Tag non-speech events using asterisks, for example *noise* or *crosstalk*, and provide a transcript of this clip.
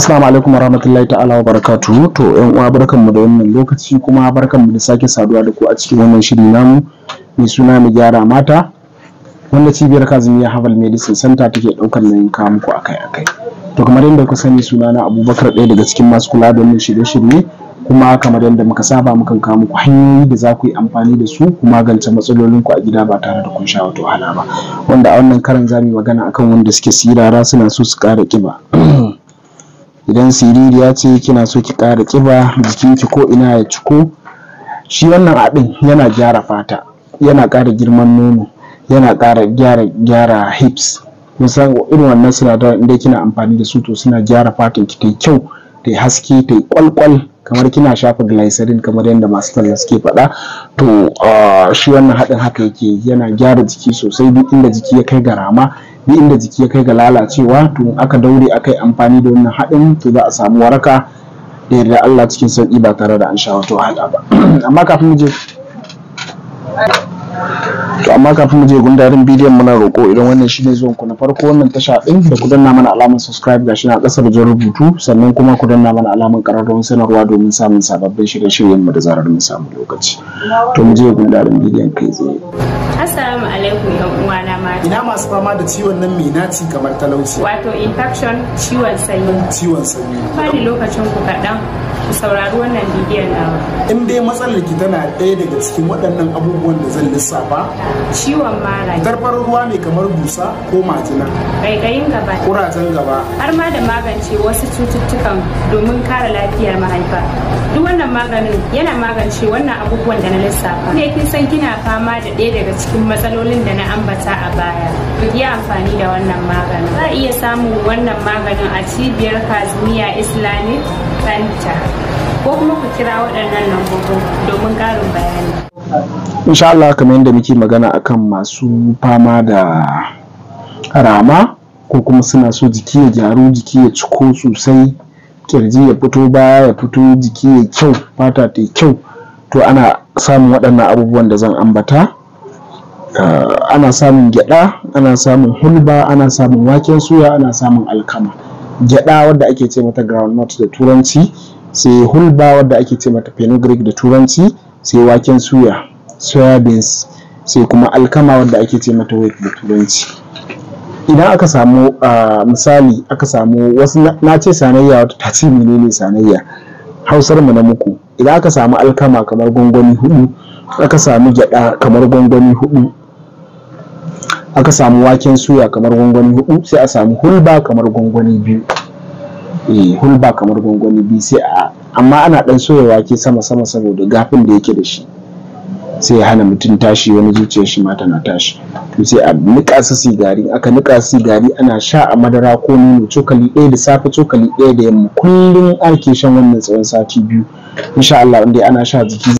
Assalamu alaikum warahmatullahi ta'ala wa barakatuh to ƴan uwa barkanmu da wannan lokaci kuma barkanmu da sake saduwa da ku a cikin wannan shiri namu mai suna mu gyara mata wanda cibiyar Kazimiya Herbal Medicine Center take daukar nauyin ka muku akai akai to kamar yadda ku sani suna na Abubakar ɗaya daga cikin masu kula da wannan shirye-shirye kuma kamar yadda muka saba mukan kawo muku hanyoyi da za ku yi amfani da su ku magance matsalolin ku a gida ba tare da kun sha wata wahala ba wanda a wannan karan za yi magana akan wanda suke sirara suna so su ƙara kiba. idan siriri ya ce kina so ki ƙara ƙiba jikinki ko ina ya ciko shi wannan abin yana gyara fata yana ƙara girman nono yana ƙara gyara gyara hips musan irin wannan sinadaran inda kina amfani da su to suna gyara fatan ki tai kyau tai haske tai kwalkwal kamar kina shafa glycerin kamar yadda masu talla suke faɗa to ah, shi wannan haɗin haka yake yana gyara jiki sosai duk inda jiki ya kai ga rama duk inda jiki ya kai ga lalacewa to aka daure aka yi amfani da wannan haɗin to za a samu waraka da yarda Allah cikin sauki ba tare da an sha wata wahala ba *clears throat* amma kafin mu je to amma kafin mu je gundarin bidiyon muna roƙo idan wannan ne zuwan ku na farko wannan tasha din da ku danna mana alamar subscribe gashi na ƙasar jan rubutu sannan kuma ku danna mana alamar ƙararrawar sanarwa domin samun sababbin shirye-shiryen mu da zarar mun samu lokaci to mu je gundarin bidiyon kai tsaye assalamu alaikum yan uwa na mata ina masu fama da ciwon nan mai naci kamar talauci wato infection ciwon sanyi ciwon sanyi fari lokacin ku kaɗan ku saurari wannan bidiyon nawa in dai matsalar ki tana ɗaya daga cikin waɗannan abubuwan da zan lissafa ciwon mara tarfar ruwa ne kamar busa ko majina ƙaiƙayin gaba ƙurajen gaba har ma da magance wasu cututtukan domin kare lafiyar mahaifa duk wannan maganin yana magance wannan abubuwan da na lissafa ne kin san kina fama da ɗaya daga cikin matsalolin da na ambata a baya ku yi amfani da wannan maganin za a iya samun wannan maganin a cibiyar kazmiya islamic center ko kuma ku kira waɗannan lambobin domin ƙarin bayani insha Allah kamar yadda muke magana akan masu fama da rama ko kuma suna so jiki ya gyaru jiki ya ciko sosai kirji ya fito baya ya fito jiki ya kyau fata ta kyau to ana samun waɗannan abubuwan da zan ambata eh, ana samun gyada ana samun hulba ana samun waken suya ana samun alkama gyada wadda ake ce mata groundnut da turanci sai hulba wadda ake ce mata fenugreek da turanci sai waken suya soybeans sai kuma alkama wadda ake ce mata wheat da turanci idan aka samu misali aka samu wasu na ce sanayya wata ta ce menene sanayya hausar mu na muku idan aka samu alkama kamar gwangwani hudu aka samu gyada kamar gwangwani hudu aka samu waken suya kamar gwangwani hudu sai a samu hulba kamar gwangwani biyu eh, hulba kamar gwangwani biyu sai a amma ana ɗan soya wake sama sama saboda gafin da yake da shi sai ya hana mutum tashi wani zuciyar shi mata na tashi to sai a nika su sigari aka nika su sigari ana sha a madara ko nono cokali ɗaya da safe cokali ɗaya da yamma kullum ake shan wannan tsawon sati biyu insha Allah inda ana sha jiki